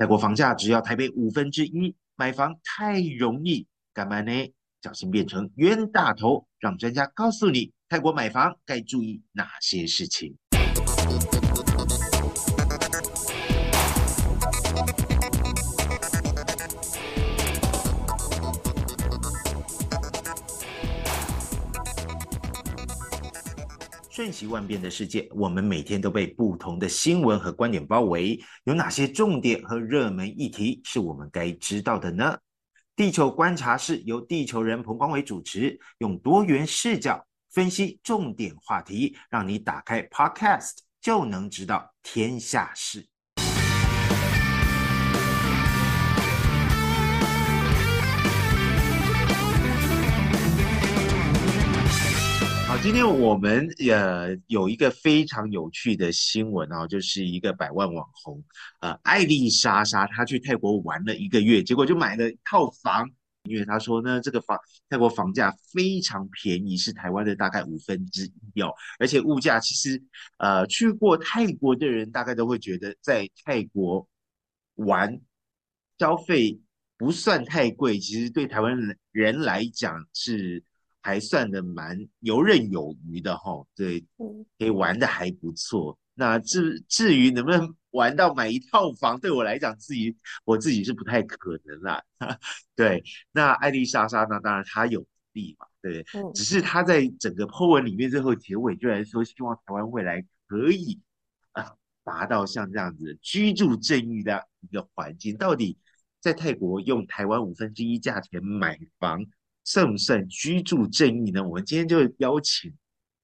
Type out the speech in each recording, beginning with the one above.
泰國房價只要台北五分之一，買房太容易，幹嘛呢？小心變成冤大頭！讓專家告訴你，泰國買房該注意哪些事情。瞬息萬變的世界，我們每天都被不同的新聞和觀點包圍。有哪些重點和熱門議題是我們該知道的呢？地球觀察室由地球人彭光偉主持，用多元視角分析重點話題，讓你打開 Podcast 就能知道天下事。今天我們呃有一個非常有趣的新聞哦，就是一個百萬網紅呃愛莉莎莎她去泰國玩了一個月，結果就買了一套房，因為她說呢，這個房泰國房價非常便宜，是台灣的大概五分之一哦，而且物價其實呃去過泰國的人大概都會覺得在泰國玩消費不算太貴，其實對台灣人來講是。還算的蠻游刃有餘的哈、哦，對，可以玩的還不錯。那至至於能不能玩到買一套房，對我來講，自己我自己是不太可能啦、啊。對，那艾麗莎莎呢？當然她有地嘛，對，只是她在整個 po 文裡面最後結尾居然說希望台灣未來可以啊達到像這樣子居住正義的一個環境。到底在泰國用台灣五分之一價錢買房，算不算居住正義呢？我們今天就邀請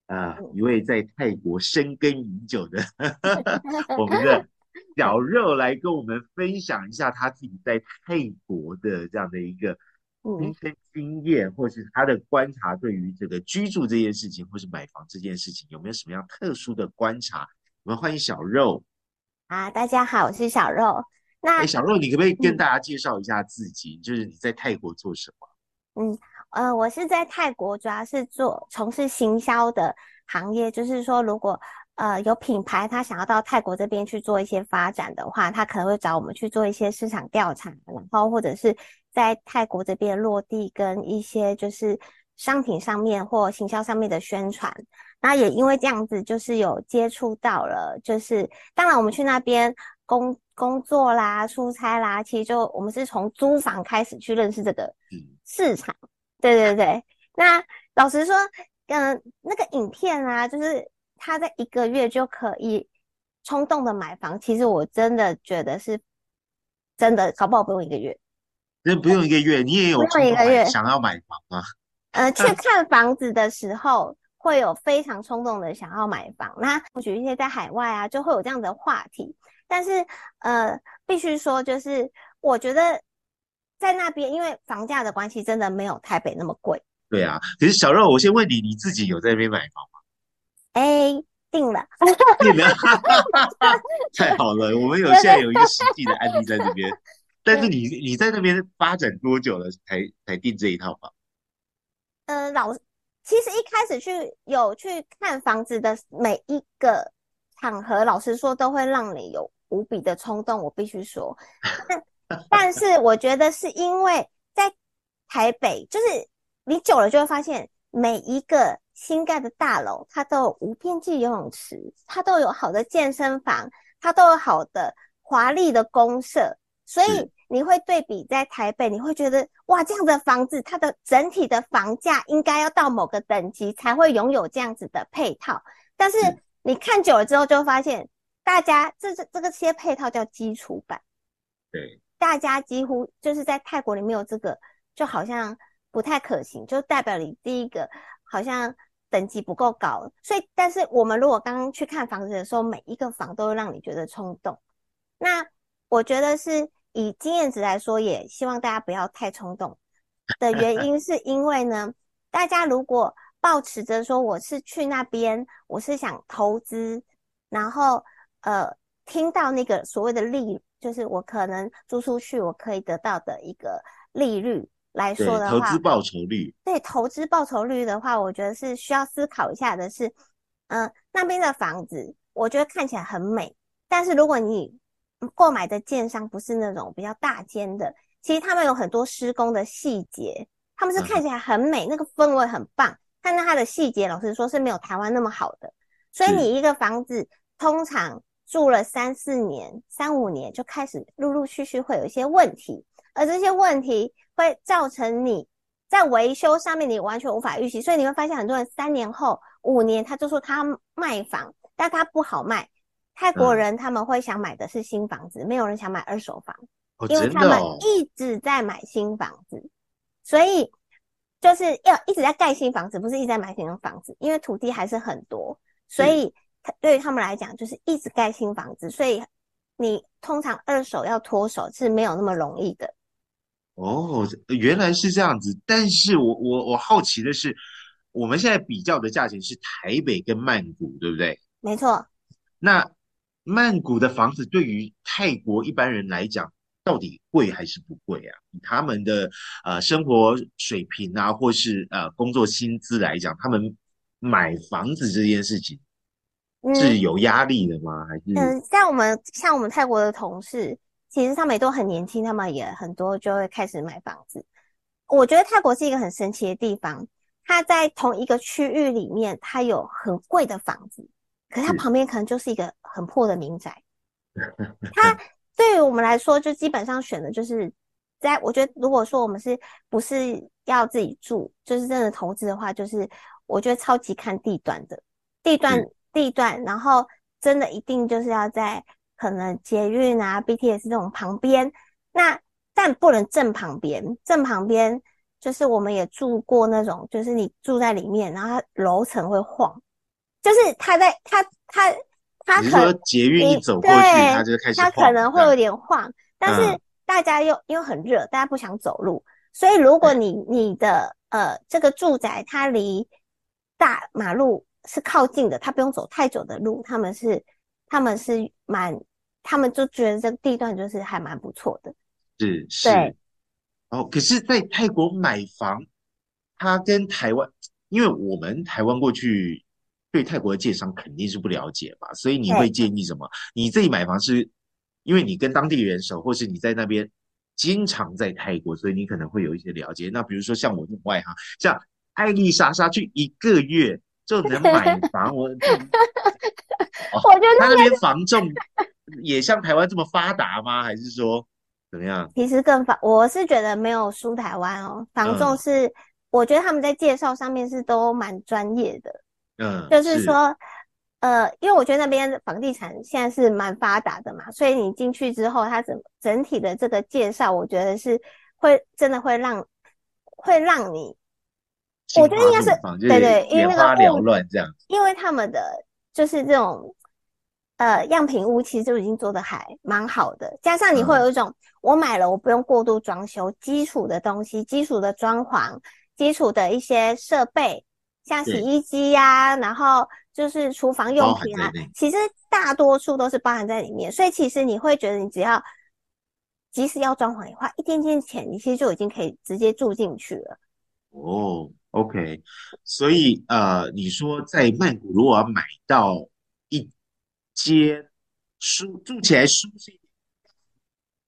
啊、呃嗯、一位在泰國深耕已久的呵呵 我們的小肉來跟我們分享一下他自己在泰國的這樣的一個親身經驗、嗯，或是他的觀察，對於這個居住這件事情，或是買房這件事情，有沒有什麼樣特殊的觀察？我們歡迎小肉。啊，大家好，我是小肉。那、欸、小肉，你可不可以跟大家介紹一下自己、嗯？就是你在泰國做什麼？嗯。呃，我是在泰國，主要是做從事行銷的行業。就是說，如果呃有品牌他想要到泰國這邊去做一些發展的話，他可能會找我們去做一些市場調查，然後或者是在泰國這邊落地，跟一些就是商品上面或行銷上面的宣傳。那也因為這樣子，就是有接觸到了，就是當然我們去那邊工工作啦、出差啦，其實就我們是從租房開始去認識這個市場。嗯對對對，那老實說，嗯、呃，那個影片啊，就是他在一個月就可以衝動的買房，其實我真的覺得是，真的搞不好不用一個月，那、嗯、不用一個月，你也有衝動想要買房嗎？呃，去看房子的時候會有非常衝動的想要買房，啊、那或許一些在海外啊就會有這樣的話題，但是呃，必須說就是我覺得。在那邊，因為房價的關係，真的沒有台北那麼貴。對啊，可是小肉，我先問你，你自己有在那邊買房嗎？哎、欸，定了，定了，太好了！我們有 現在有一個實際的案例在那邊。但是你，你在那邊發展多久了才，才才訂這一套房？呃，老，其實一開始去有去看房子的每一個場合，老實說，都會讓你有無比的衝動。我必須說。 但是我覺得是因為在台北，就是你久了就會發現，每一個新蓋的大樓，它都有無邊際游泳池，它都有好的健身房，它都有好的華麗的公設。所以你會對比在台北，你會覺得哇，這樣的房子它的整體的房價應該要到某個等級才會擁有這樣子的配套。但是你看久了之後，就發現 大家這這這個些配套叫基礎版，對。大家幾乎就是在泰國裡沒有這個，就好像不太可行，就代表你第一個好像等級不夠高。所以，但是我們如果剛剛去看房子的時候，每一個房都會讓你覺得衝動。那我覺得是以經驗值來說，也希望大家不要太衝動的原因，是因為呢， 大家如果抱持着說我是去那邊，我是想投資，然後呃，聽到那個所謂的利。就是我可能租出去，我可以得到的一個利率來說的話，投資報酬率。對，投資報酬率的話，我覺得是需要思考一下的是，嗯、呃，那邊的房子我覺得看起來很美，但是如果你購買的建商不是那種比較大間的，其實他們有很多施工的細節，他們是看起來很美，嗯、那個氛圍很棒，但是它的細節老實說是沒有台灣那麼好的。所以你一個房子通常。住了三四年，三五年就開始陸陸續續會有一些問題，而這些問題會造成你在維修上面你完全無法預期，所以你會發現很多人三年後、五年他就說他賣房，但他不好賣。泰國人他們會想買的是新房子，嗯，沒有人想買二手房，哦哦，因為他們一直在買新房子，所以就是要一直在蓋新房子，不是一直在買新的房子，因為土地還是很多，所以。對於他們來講，就是一直蓋新房子，所以你通常二手要脫手是沒有那麼容易的。哦，原來是這樣子。但是我我我好奇的是，我們現在比較的價錢是台北跟曼谷，對不對？沒錯。那曼谷的房子對於泰國一般人來講，到底貴還是不貴啊？以他們的，呃，生活水平啊，或是，呃，工作薪資來講，他們買房子這件事情。是有壓力的嗎？嗯，嗯，像我們像我們泰國的同事，其實他們也都很年輕，他們也很多就會開始買房子。我覺得泰國是一個很神奇的地方，它在同一個區域裡面，它有很貴的房子，可是它旁邊可能就是一個很破的民宅。它對於我們來說，就基本上選的就是在，在我覺得，如果說我們是不是要自己住，就是真的投資的話，就是我覺得超級看地段的地段，嗯。地段，然後真的一定就是要在可能捷運啊、BTS 這種旁邊，那但不能正旁邊，正旁邊就是我們也住過那種，就是你住在裡面，然後它樓層會晃，就是它在它它它可能，你說捷運一走過去，它就開始，它可能會有點晃，但是大家又因為很熱，大家不想走路，所以如果你、嗯、你的呃這個住宅它離大馬路，是靠近的，他不用走太久的路。他們是，他們是蠻，他們就覺得這個地段就是還蠻不錯的。是是，哦，可是，在泰國買房，他跟台灣，因為我們台灣過去對泰國的介紹肯定是不了解嘛，所以你會建議什麼？你自己買房是，因為你跟當地人熟，或是你在那邊經常在泰國，所以你可能會有一些了解。那比如說像我這種外行，像愛莉莎莎去一個月。就你要買房， 我，哈哈哈那那邊房仲也像台灣這麼發達嗎？還是說怎麼樣？其實更發，我是覺得沒有輸台灣哦。房仲是，我覺得他們在介紹上面是都蠻專業的。嗯，就是說，呃，因為我覺得那邊房地產現在是蠻發達的嘛，所以你進去之後，他整整體的這個介紹，我覺得是會真的會讓會讓你。我覺得應該是對對，因為那個因為他們的就是這種呃樣品屋，其實就已經做得還蠻好的。加上你會有一種，啊、我買了我不用過度裝修，基礎的東西、基礎的裝潢、基礎的一些設備，像洗衣機呀、啊，然後就是廚房用品啊，其實大多數都是包含在裡面。所以其實你會覺得，你只要即使要裝潢，也花一點點錢，你其實就已經可以直接住進去了。哦。OK，所以呃，你說在曼谷如果要買到一間舒住起來舒適一點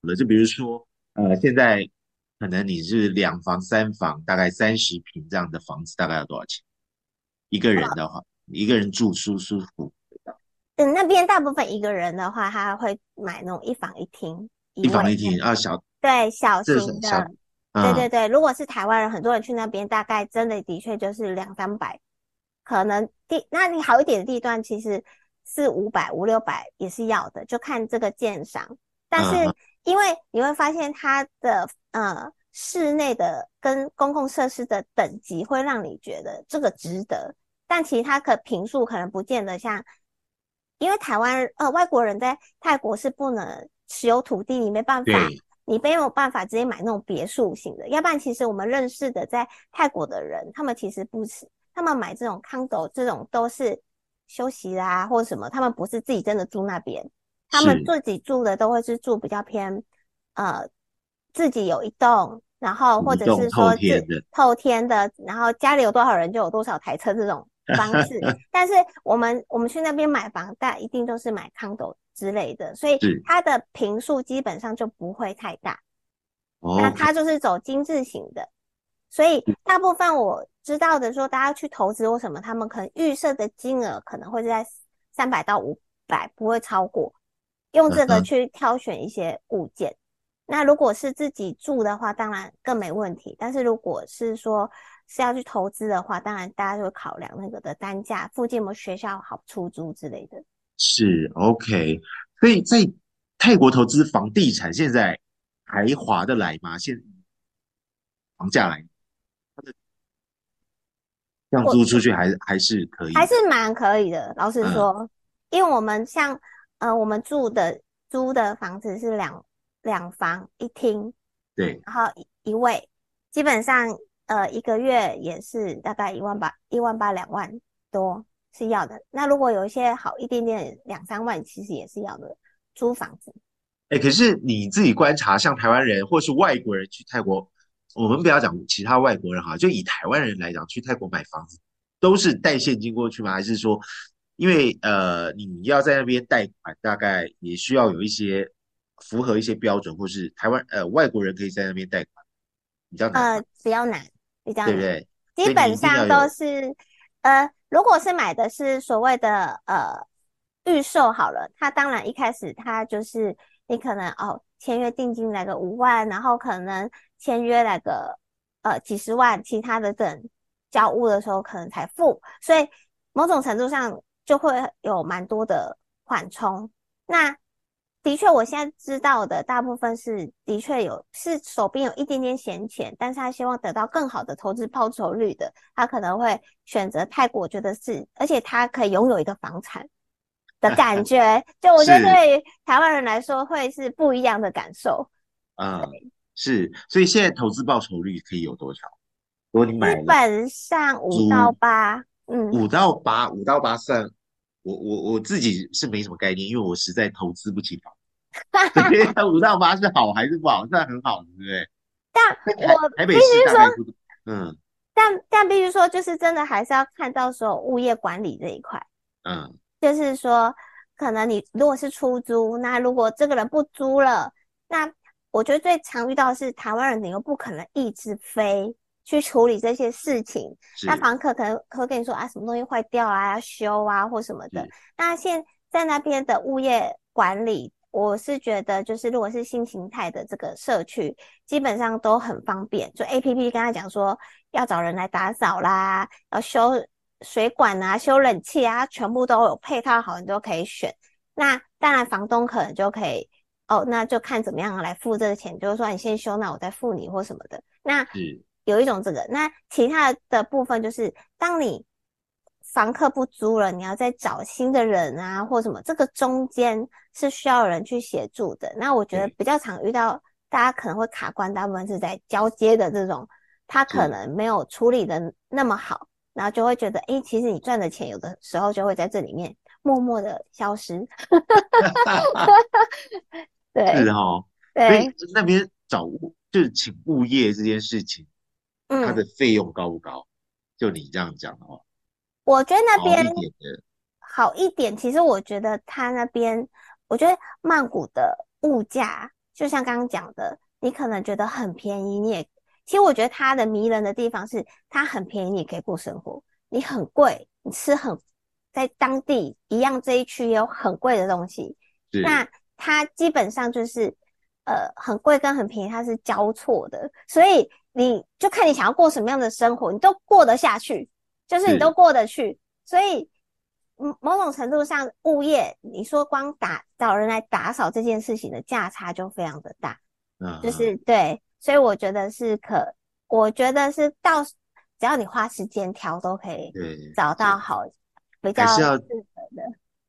的，就比如說呃，現在可能你是兩房三房，大概三十平這樣的房子，大概要多少錢？一個人的話，啊、一個人住舒舒服？那邊大部分一個人的話，他會買那種一房一廳，一，廳一房一廳啊小，對小型的。對對對，如果是台灣人，很多人去那邊，大概真的的確就是兩三百，可能地那你好一點的地段，其實是五百五六百也是要的，就看這個鑑賞。但是因為你會發現它的呃室內的跟公共設施的等級，會讓你覺得這個值得。但其他可的坪數可能不見得像，因為台灣呃外國人在泰國是不能持有土地，你沒辦法。你沒有辦法直接買那種別墅型的，要不然其實我們認識的在泰國的人，他們其實不是，他們買這種 condo 這種都是休息啦、啊、或什麼，他們不是自己真的住那邊，他們自己住的都會是住比較偏，呃，自己有一棟，然後或者是說是透天的，然後家裡有多少人就有多少台車這種。方式， 但是我們我們去那邊買房，大家一定都是買 Condo 之類的，所以它的坪數基本上就不會太大。那它就是走精致型的，oh. 所以大部分我知道的說，大家去投資或什麼，他們可能預設的金額可能會在三百到五百，不會超過，用這個去挑選一些物件。 那如果是自己住的話，當然更沒問題。但是如果是說，是要去投資的話，當然大家就會考量那個的單價，附近有沒有學校好出租之類的。是 OK，所以在泰國投資房地產現在還划得來嗎？現在房價來，這樣租出去還是還是可以，還是蠻可以的。老實說，嗯、因為我們像呃，我們住的租的房子是兩兩房一廳，對、嗯，然後一位，基本上。呃，一個月也是大概一萬八、一萬八兩萬多是要的。那如果有一些好一點點，兩三萬其實也是要的。租房子，哎、欸，可是你自己觀察，像台灣人或是外國人去泰國，我們不要講其他外國人哈，就以台灣人來講，去泰國買房子都是帶現金過去嗎？還是說，因為呃你要在那邊貸款，大概也需要有一些符合一些標準，或是台灣呃外國人可以在那邊貸款，比較呃比較難。對，基本上都是，呃，如果是買的是所謂的呃預售好了，他當然一開始他就是你可能哦簽約定金來個五萬，然後可能簽約來個呃幾十萬，其他的等交屋的時候可能才付，所以某種程度上就會有蠻多的緩衝。那的確，我現在知道的大部分是的確有是手邊有一點點閒錢，但是他希望得到更好的投資報酬率的，他可能會選擇泰國。我覺得是，而且他可以擁有一個房產的感覺， 就我覺得對於臺灣人來說會是不一樣的感受。嗯，是，所以現在投資報酬率可以有多少？如果你買基本上五到八，嗯，五到八，五到八算我我我自己是沒什麼概念，因為我實在投資不起房。 五到八是好還是不好？算很好，對不對？但我必須說，嗯，但但必須說，就是真的還是要看到時候物業管理這一塊，嗯，就是說，可能你如果是出租，那如果這個人不租了，那我覺得最常遇到的是台灣人，你又不可能一直飛去處理這些事情，那房客可能會跟你說啊，什麼東西壞掉啊，要修啊，或什麼的。那現在，在那邊的物業管理。我是覺得，就是如果是新形態的這個社區，基本上都很方便。就 APP 跟他講說，要找人來打掃啦，要修水管啊，修冷氣啊，全部都有配套好，你都可以選。那當然，房東可能就可以哦，那就看怎麼樣來付這個錢，就是說你先修，那我再付你或什麼的。那有一種這個，那其他的部分就是，當你。房客不租了，你要再找新的人啊，或什麼，這個中間是需要人去協助的。那我覺得比較常遇到大家可能會卡關，大部分是在交接的這種，他可能沒有處理的那麼好，然後就會覺得，誒、欸，其實你賺的錢有的時候就會在這裡面默默的消失。 是哦、對，哈，對，所以那邊找就是請物業這件事情，他、嗯、的費用高不高？就你這樣講的話。我覺得那邊好一點。其實我覺得他那邊，我覺得曼谷的物價，就像剛剛講的，你可能覺得很便宜，你也其實我覺得它的迷人的地方是，它很便宜，你也可以過生活；你很貴，你吃很，在當地一樣這一區也有很貴的東西。那它基本上就是，呃，很貴跟很便宜它是交錯的，所以你就看你想要過什麼樣的生活，你都過得下去。就是你都過得去，所以，某種程度上，物業，你說光打找人來打掃這件事情的價差就非常的大，嗯、啊，就是對，所以我覺得是可，我覺得是到只要你花時間挑，都可以找到好，比較適合的，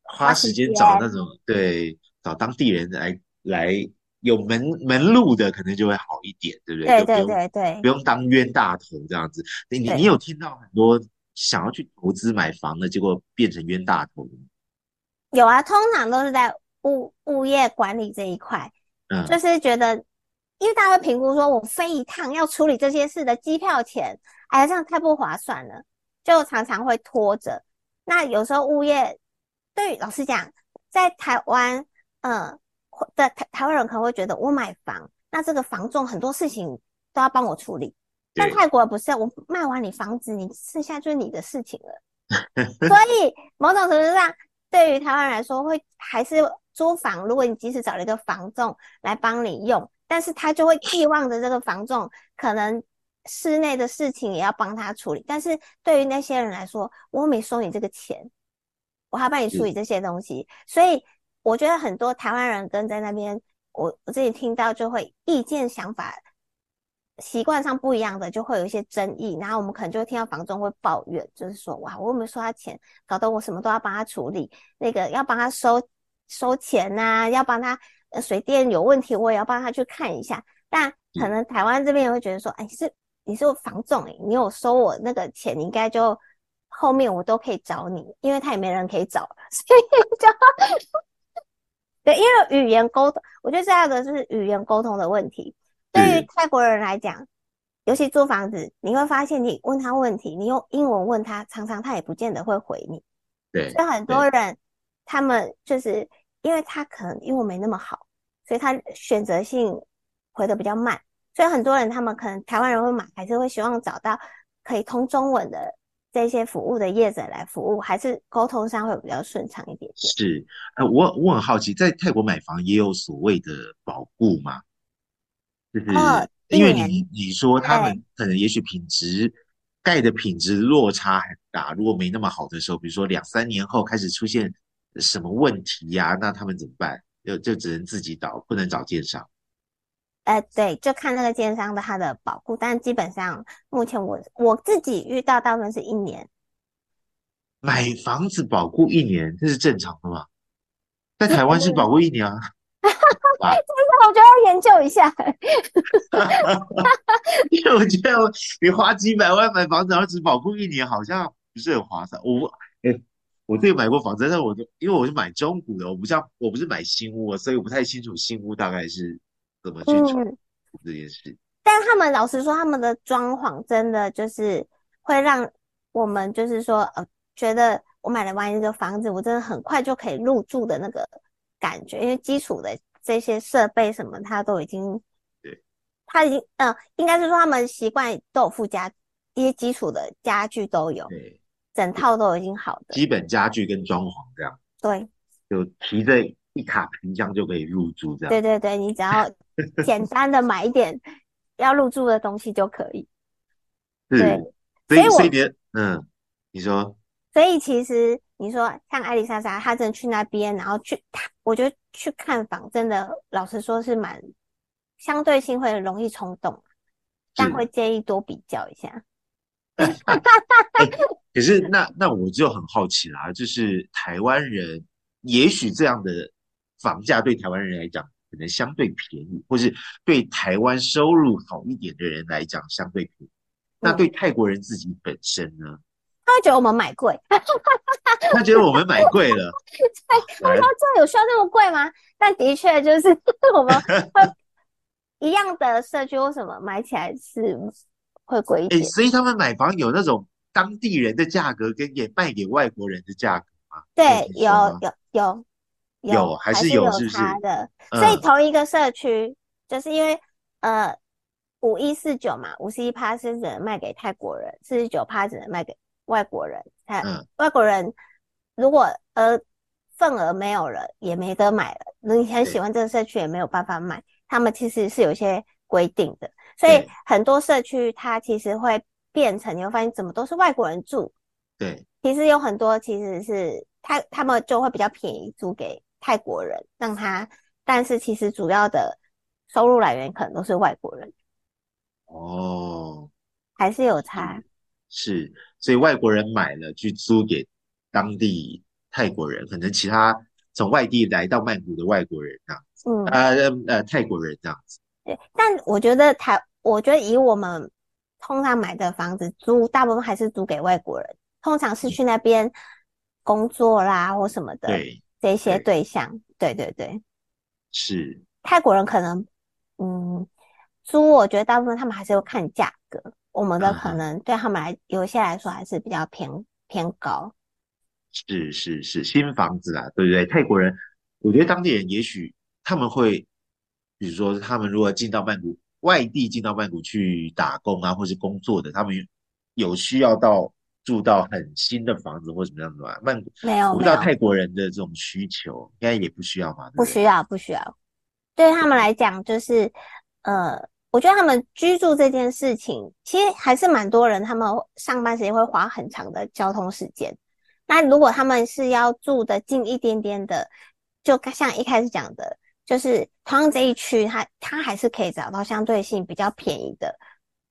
花時間找那種對找當地人來來有門門路的，可能就會好一點，對不對？對對對對，不用，對對對，不用當冤大頭這樣子，欸、你你有聽到很多。想要去投資買房的，結果變成冤大頭。有啊，通常都是在物物業管理這一塊，嗯，就是覺得，因為大家會評估，說我飛一趟要處理這些事的機票錢，哎呀，這樣太不划算了，就常常會拖着。那有時候物業，對，老實講，在台灣，嗯、呃，的台台灣人可能會覺得，我買房，那這個房仲很多事情都要幫我處理。但泰國不是，我賣完你房子，你剩下就是你的事情了。 所以某種程度上，對於台灣人來說，會還是租房。如果你即使找了一個房仲來幫你用，但是他就會寄望着這個房仲可能室內的事情也要幫他處理。但是對於那些人來說，我沒收你這個錢，我還幫你處理這些東西。嗯、所以我覺得很多台灣人跟在那邊，我我自己聽到就會意見想法。習慣上不一樣的，就會有一些爭議。然後我們可能就會聽到房仲會抱怨，就是說：“哇，我又沒有收他錢，搞得我什麼都要幫他處理，那個要幫他收收錢吶、啊，要幫他、呃、水電有問題，我也要幫他去看一下。”但可能台灣這邊也會覺得說：“哎、欸，是你是我房仲誒、欸、你有收我那個錢，你應該就後面我都可以找你，因為他也沒人可以找了。”所以就 對，因為語言溝通，我覺得這樣的就是語言溝通的問題。對於泰國人來講，尤其租房子，你會發現你問他問題，你用英文問他，常常他也不見得會回你。對，所以很多人他們就是因為他可能英文沒那麼好，所以他選擇性回的比較慢。所以很多人他們可能台灣人會買，還是會希望找到可以通中文的這些服務的業者來服務，還是溝通上會比較順暢一點點。是，我我很好奇，在泰國買房也有所謂的保固嗎？就是，是、哦、因為你你說他們可能也許品質蓋的品質落差很大，如果沒那麼好的時候，比如說兩三年後開始出現什麼問題呀、啊，那他們怎麼辦？就就只能自己倒，不能找建商。呃，對，就看那個建商的他的保固，但基本上目前我我自己遇到大部分是一年。買房子保固一年，這是正常的嗎？在台灣是保固一年啊。 真、啊、的，我覺得要研究一下。因為我覺得你花幾百萬買房子，然後只保固一年，好像不是很划算，我、欸。我哎，我自己買過房子，但是我就因為我是買中古的，我不像我不是買新屋，所以我不太清楚新屋大概是怎麼去做這件事、嗯。但他們老實說，他們的裝潢真的就是會讓我們就是說，呃覺得我買了萬一這個房子，我真的很快就可以入住的那個感覺，因為基礎的。這些設備什麼，他都已經對，他已經呃，應該是說他們習慣都有附加，一些基礎的家具都有，對，整套都已經好的基本家具跟裝潢這樣，對，就提着一卡皮箱就可以入住這樣，對對對，你只要簡單的買一點要入住的東西就可以，是對，所以我嗯，你說，所以其實。你說像愛莉莎莎，她真的去那邊，然後去，我覺得去看房真的，老實說是蠻相對性會容易衝動，但會建議多比較一下。哎 哎、可是那那我就很好奇啦，就是台灣人，也許這樣的房價對台灣人來講可能相對便宜，或是對台灣收入好一點的人來講相對便宜對。那對泰國人自己本身呢？他會覺得我們買貴。 他覺得我們買貴了，我 說這有需要那麼貴嗎？嗯。但的確就是我們會一樣的社區為什麼買起來是會貴？欸。所以他們買房有那種當地人的價格跟給賣給外國人的價格嗎？對，對有有有有、有，還是有是不是。所以同一個社區，嗯，就是因為呃，五一四九嘛，五十一趴是只能賣給泰國人，四十九趴只能賣給外國人，泰、嗯、外國人。如果呃，份額沒有了，也沒得買了。你很喜歡這個社區，也沒有辦法買。他們其實是有一些規定的，所以很多社區它其實會變成，你會發現怎麼都是外國人住。對，其實有很多其實是他他們就會比較便宜租給泰國人，讓他。但是其實主要的收入來源可能都是外國人。哦，還是有差，哦是。是，所以外國人買了去租給。當地泰國人，可能其他從外地來到曼谷的外國人這樣子。嗯啊呃、呃泰國人這樣子。對，但我覺得台，我覺得以我們通常買的房子租，大部分還是租給外國人，通常是去那邊工作啦或什麼的，對這些對象。對對、對對，是泰國人可能嗯租，我覺得大部分他們還是要看價格，我們的可能對他們來、啊、有些來說還是比較偏偏高。是是是，新房子啦、啊，對不對？泰國人，我覺得當地人也許他們會，比如說他們如果進到曼谷，外地進到曼谷去打工啊，或是工作的，他們有需要到住到很新的房子或什麼樣子嘛、啊？曼谷沒有，我不知道泰國人的這種需求應該也不需要嘛對不對？不需要，不需要。對他們來講，就是呃，我覺得他們居住這件事情，其實還是蠻多人，他們上班時間會花很長的交通時間。那如果他們是要住的近一點點的，就像一開始講的，就是通常這一區，他他還是可以找到相對性比較便宜的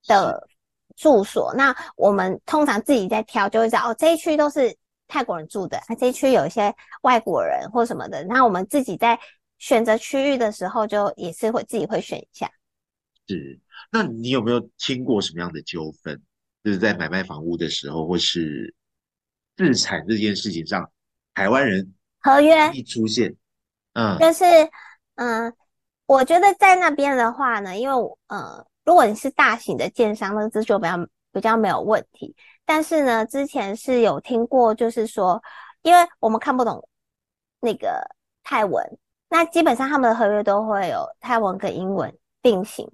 的住所。那我們通常自己在挑，就會知道哦，這一區都是泰國人住的，那、啊、這一區有一些外國人或什麼的。那我們自己在選擇區域的時候，就也是會自己會選一下。是，那你有沒有聽過什麼樣的糾紛，就是在買賣房屋的時候，或是？日產這件事情上，台灣人合約一出現，嗯，就是嗯、呃，我覺得在那邊的話呢，因為呃，如果你是大型的建商，那這就比較比較沒有問題。但是呢，之前是有聽過，就是說，因為我們看不懂那個泰文，那基本上他們的合約都會有泰文跟英文並行。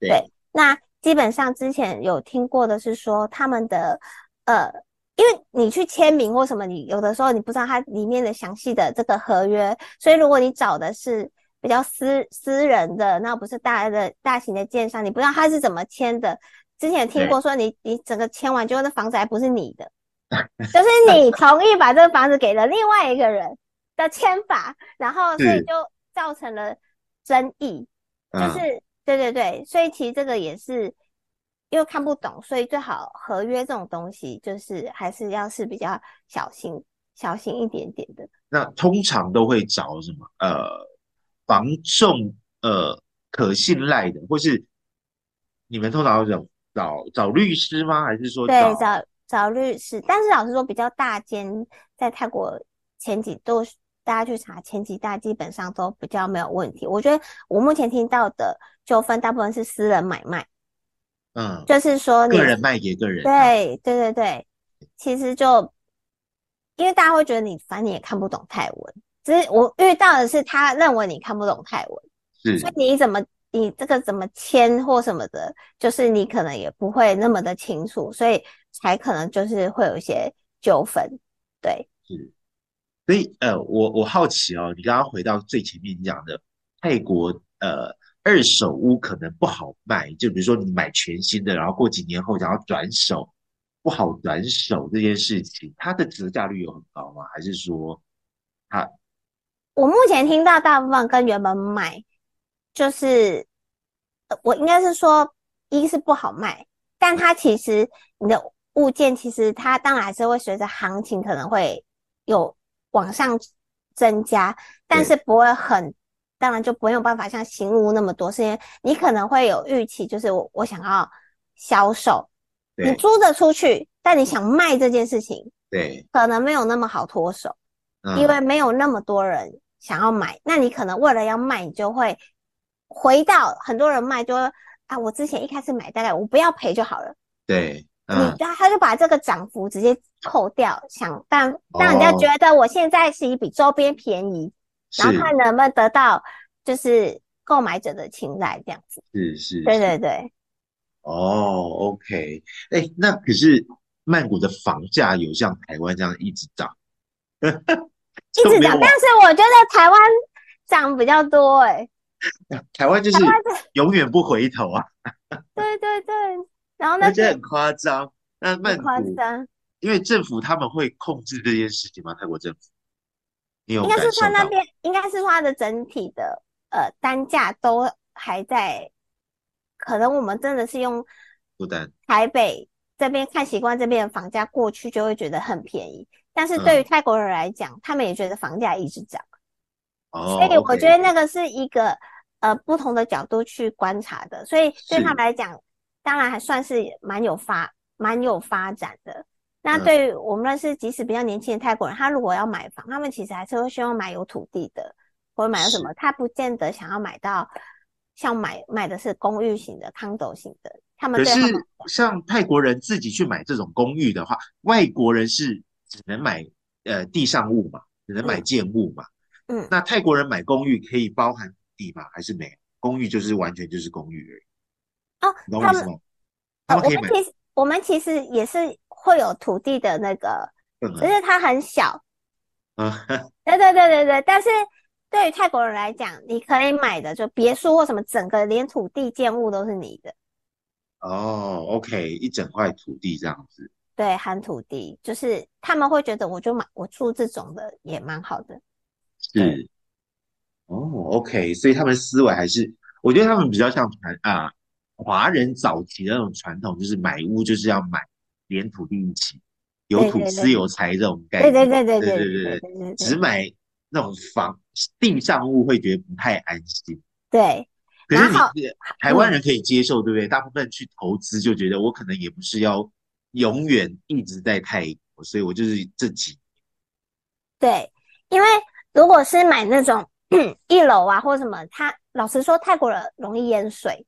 對，那基本上之前有聽過的是說，他們的呃。因為你去簽名或什麼你，你有的時候你不知道它裡面的詳細的這個合約，所以如果你找的是比較私私人的，那不是大的大型的建商，你不知道他是怎麼簽的。之前聽過說，你你整個簽完，就那房子還不是你的， 就是你同意把這個房子給了另外一個人的簽法，然後所以就造成了爭議。是啊、就是對對對，所以其實這個也是。因為看不懂，所以最好合約這種東西，就是還是要是比較小心，小心一點點的。那通常都會找什麼？呃，房仲，呃，可信賴的，或是你們通常有找找找律師嗎？還是說找對找找律師？但是老實說，比較大間在泰國前幾都大家去查前幾大，基本上都比較沒有問題。我覺得我目前聽到的糾紛，大部分是私人買賣。嗯，就是說你，個人賣給個人，對對對對，啊，其實就因為大家會覺得你反正你也看不懂泰文，只是我遇到的是他認為你看不懂泰文，是所以你怎麼你這個怎麼簽或什麼的，就是你可能也不會那麼的清楚，所以才可能就是會有一些糾紛，對，是，所以呃，我我好奇哦，你剛剛回到最前面講的泰國呃。二手屋可能不好賣，就比如說你買全新的，然後過幾年後想要轉手，不好轉手這件事情，它的折價率有很高嗎？還是說它？我目前聽到大部分跟原本買，就是我應該是說，一是不好賣，但它其實你的物件其實它當然是會隨着行情可能會有往上增加，但是不會很。當然就沒有辦法像新屋那麼多，因為你可能會有預期，就是我我想要銷售，你租得出去，但你想賣這件事情，對，可能沒有那麼好脫手，嗯，因為沒有那麼多人想要買，那你可能為了要賣，你就會回到很多人賣就說啊，我之前一開始買大概我不要賠就好了，對，嗯、你他他就把這個漲幅直接扣掉，想讓讓、哦、人家覺得我現在是以比周邊便宜。然後看能不能得到就是購買者的青睞，這樣子。是是。對對對。哦、oh,，OK，哎、欸，那可是曼谷的房價有像台灣這樣一直漲 一直漲。但是我覺得台灣漲比較多哎、欸。台灣就是永遠不回頭啊。 對對對，對。然後那就很誇張，那曼谷。很誇張。因為政府他們會控制這件事情嗎？泰國政府。應該是他那邊，應該是他的整體的呃單價都還在。可能我們真的是用台北這邊看習慣這邊的房價，過去就會覺得很便宜。但是對於泰國人來講，嗯，他們也覺得房價一直漲，哦。所以我覺得那個是一個、嗯、呃不同的角度去觀察的。所以對他們來講，當然還算是蠻有發蠻有發展的。那對於我們是即使比較年輕的泰國人、呃，他如果要買房，他們其實還是會希望買有土地的，或者買什麼，他不見得想要買到像買買的是公寓型的、Condo 型的。他們，他們是像泰國人自己去買這種公寓的話，嗯、外國人是只能買呃地上物嘛，只能買建物嘛。嗯，那泰國人買公寓可以包含地嗎？還是沒公寓就是完全就是公寓而已？哦、啊，他們、no 啊、他們可以買我們其實我們其實也是。會有土地的那個，嗯、只是它很小。啊、嗯， 對對對對對，但是對於泰國人來講，你可以買的就別墅或什麼，整個連土地建物都是你的。哦，OK，一整塊土地這樣子。對，含土地，就是他們會覺得我就買，我住這種的也蠻好的。是。對哦，OK，所以他們的思維還是，我覺得他們比較像傳啊，華人早期的那種傳統，就是買屋就是要買。連土地一起，有土斯有財，這種感覺，對對對，對對對對對對，對，對，對，對只買那種房定上物會覺得不太安心。對，可是你台灣人可以接受，對不對？嗯、大部分去投資就覺得我可能也不是要永遠一直在泰國，所以我就是這幾年。對，因為如果是買那種 一樓啊或什麼，他老實說泰國人容易淹水，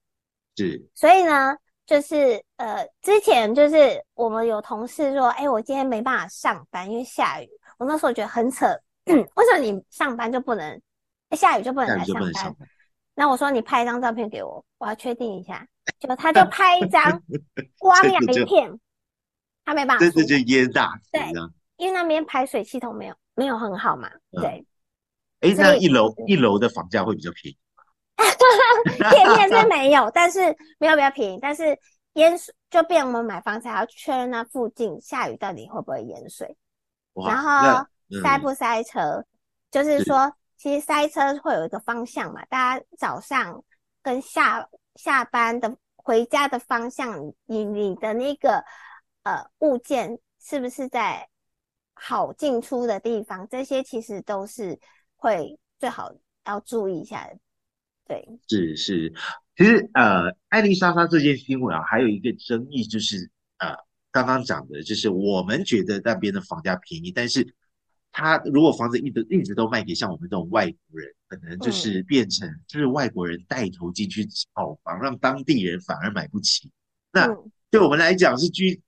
是，所以呢。就是呃，之前就是我們有同事說，哎、欸，我今天沒辦法上班，因為下雨。我那時候覺得很扯，為什麼你上班就不能？欸、下雨就不能來上班？上班那我說你拍一張照片給我，我要確定一下。就他就拍一張光兩片 的，他沒辦法。這就淹大，對，因為那邊排水系統沒有沒有很好嘛，對。哎、嗯欸，那一樓一樓的房價會比較便宜。葉 片，片是沒有， 但是沒有比較便宜，但是淹水就變我們買房還要確認那附近下雨到底會不會淹水，然後塞不塞車，嗯、就是說是其實塞車會有一個方向嘛，大家早上跟下下班的回家的方向，你你的那個呃物件是不是在好進出的地方，這些其實都是會最好要注意一下的。對，是是，其實呃，愛莉莎莎這件新聞啊，還有一個爭議就是呃，剛剛講的，就是我們覺得那邊的房價便宜，但是他如果房子一直一直都賣給像我們這種外國人，可能就是變成就是外國人帶頭進去炒房，嗯、讓當地人反而買不起。那對我們來講是居，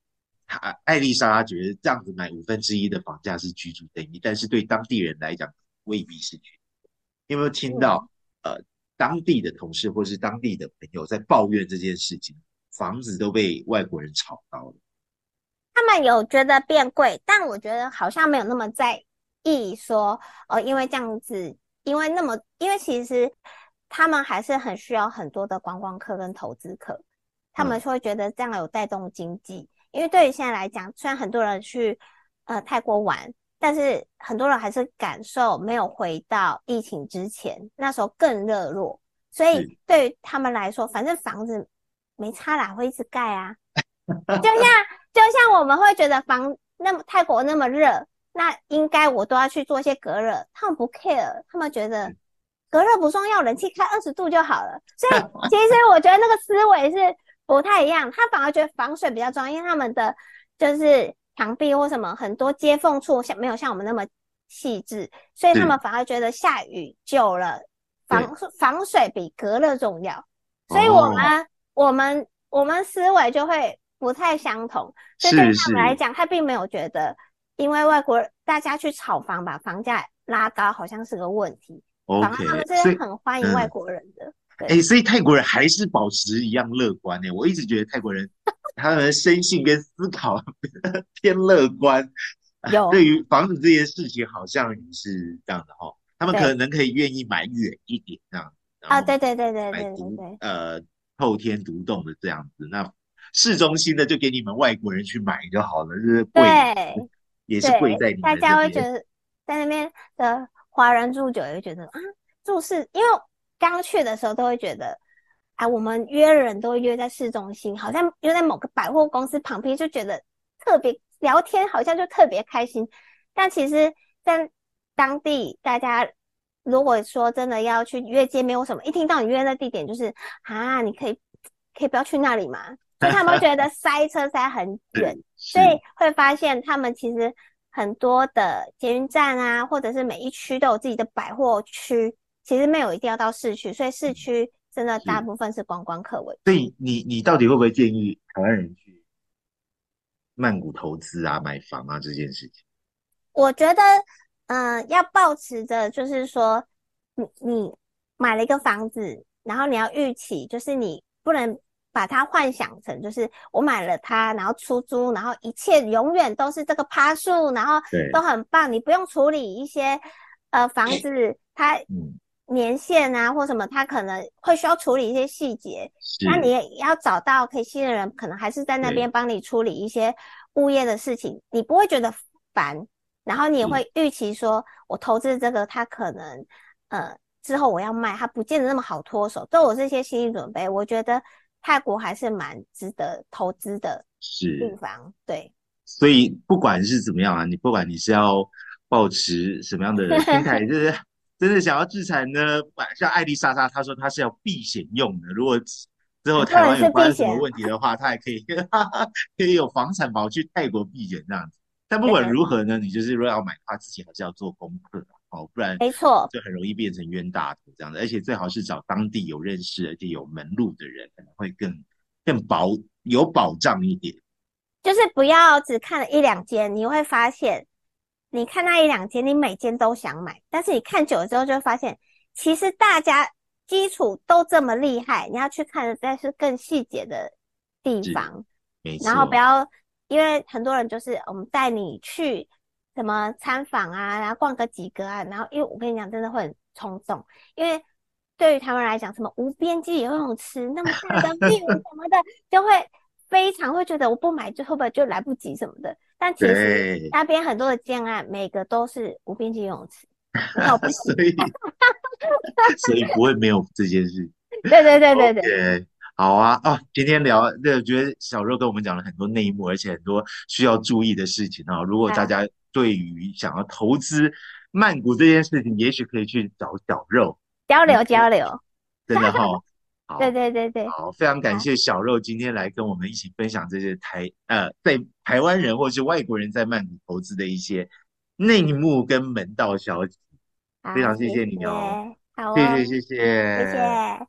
啊、愛莉莎莎覺得這樣子買五分之一的房價是居住正義，但是對當地人來講未必是居住。你有沒有聽到？嗯、呃？當地的同事或是當地的朋友在抱怨這件事情，房子都被外國人炒高了。他們有覺得變貴，但我覺得好像沒有那麼在意說。說哦，因為這樣子，因為那麼，因為其實他們還是很需要很多的觀光客跟投資客。他們會覺得這樣有帶動經濟，因為對於現在來講，雖然很多人去，呃，泰國玩。但是很多人還是感受沒有回到疫情之前，那時候更熱絡，所以對於他們來說，反正房子沒差啦，會一直蓋啊。就像就像我們會覺得房那麼泰國那麼熱，那應該我都要去做一些隔熱。他們不 care，他們覺得隔熱不重要，冷氣開二十度就好了。所以其實我覺得那個思維是不太一樣，他反而覺得防水比較重要，因為他們的就是。牆壁或什麼很多接縫處，像沒有像我們那麼細緻，所以他們反而覺得下雨久了防防水比隔熱重要，所以我們、oh. 我們我們思維就會不太相同。所以對他們來講，他並沒有覺得，因為外國人大家去炒房把房價拉高，好像是個問題。反而他們是很歡迎外國人的。哎、欸，所以泰國人還是保持一樣樂觀呢，欸，我一直覺得泰國人他們的生性跟思考 偏樂觀，對於房子這件事情，好像是這樣的哈，他們可能可以願意買遠一點這樣啊，然後對，對對對對對，呃，透天獨棟的這樣子，那市中心的就給你們外國人去買就好了，就是貴，也是貴在裡面。大家會覺得在那邊的華人住久也會覺得啊，嗯，住是因為。剛去的時候都會覺得，哎、啊，我們約人都會約在市中心，好像約在某個百貨公司旁邊，就覺得特別聊天，好像就特別開心。但其實，在當地大家如果說真的要去約見面或什麼，一聽到你約的地點就是啊，你可以可以不要去那裡嘛？就 他們會覺得塞車塞很遠， 所以會發現他們其實很多的捷運站啊，或者是每一區都有自己的百貨區。其實沒有一定要到市區，所以市區真的大部分是觀光客為主。所以你你到底會不會建議台灣人去曼谷投資啊、買房啊這件事情？我覺得，嗯、呃，要抱持著就是說，你你買了一個房子，然後你要預期，就是你不能把它幻想成就是我買了它，然後出租，然後一切永遠都是這個趴數，然後都很棒，你不用處理一些呃房子它、嗯年限啊，或什麼，他可能會需要處理一些細節。那你也要找到可以信任的人，可能還是在那邊幫你處理一些物業的事情，你不會覺得煩。然後你也會預期說，我投資這個，他可能呃之後我要賣，他不見得那麼好脫手，都有這些心理準備。我覺得泰國還是蠻值得投資的，是病房對。所以不管是怎麼樣啊，你不管你是要保持什麼樣的心態，就 是，是。 真的想要制裁呢？像愛莉莎莎，她說她是要避險用的。如果之後台灣有發生什麼問題的話，她還可以哈哈，可以有房產跑去泰國避險這樣子。但不管如何呢，嗯、你就是如果要買的話，她自己還是要做功課哦，不然沒錯就很容易變成冤大頭這樣子。而且最好是找當地有認識而且有門路的人，可能會更更保有保障一點。就是不要只看了一兩間，你會發現。你看那一兩間，你每間都想買，但是你看久了之後，就會發現，其實大家基礎都這麼厲害，你要去看的，但是更細節的地方，然後不要，因為很多人就是我們帶你去什麼參訪啊，然後逛個幾個啊，然後因為我跟你講，真的會很衝動，因為對於他們來講，什麼無邊際游泳池那麼大的地什麼的， 就會非常會覺得我不買，最後不會就來不及什麼的。但其實那邊很多的建案，每個都是無邊際游泳池， 所以 所以不會沒有這件事。對對對對對、okay，好啊啊！今天聊，對，我覺得小肉跟我們講了很多內幕，而且很多需要注意的事情啊，如果大家對於想要投資曼谷這件事情，也許可以去找小肉交流交流，真的好 對對對對，好，非常感謝小肉今天來跟我們一起分享這些台呃，在台灣人或是外國人在曼谷投資的一些內幕跟門道消息，非常謝謝你哦，謝謝好哦，謝謝謝謝謝謝。謝謝。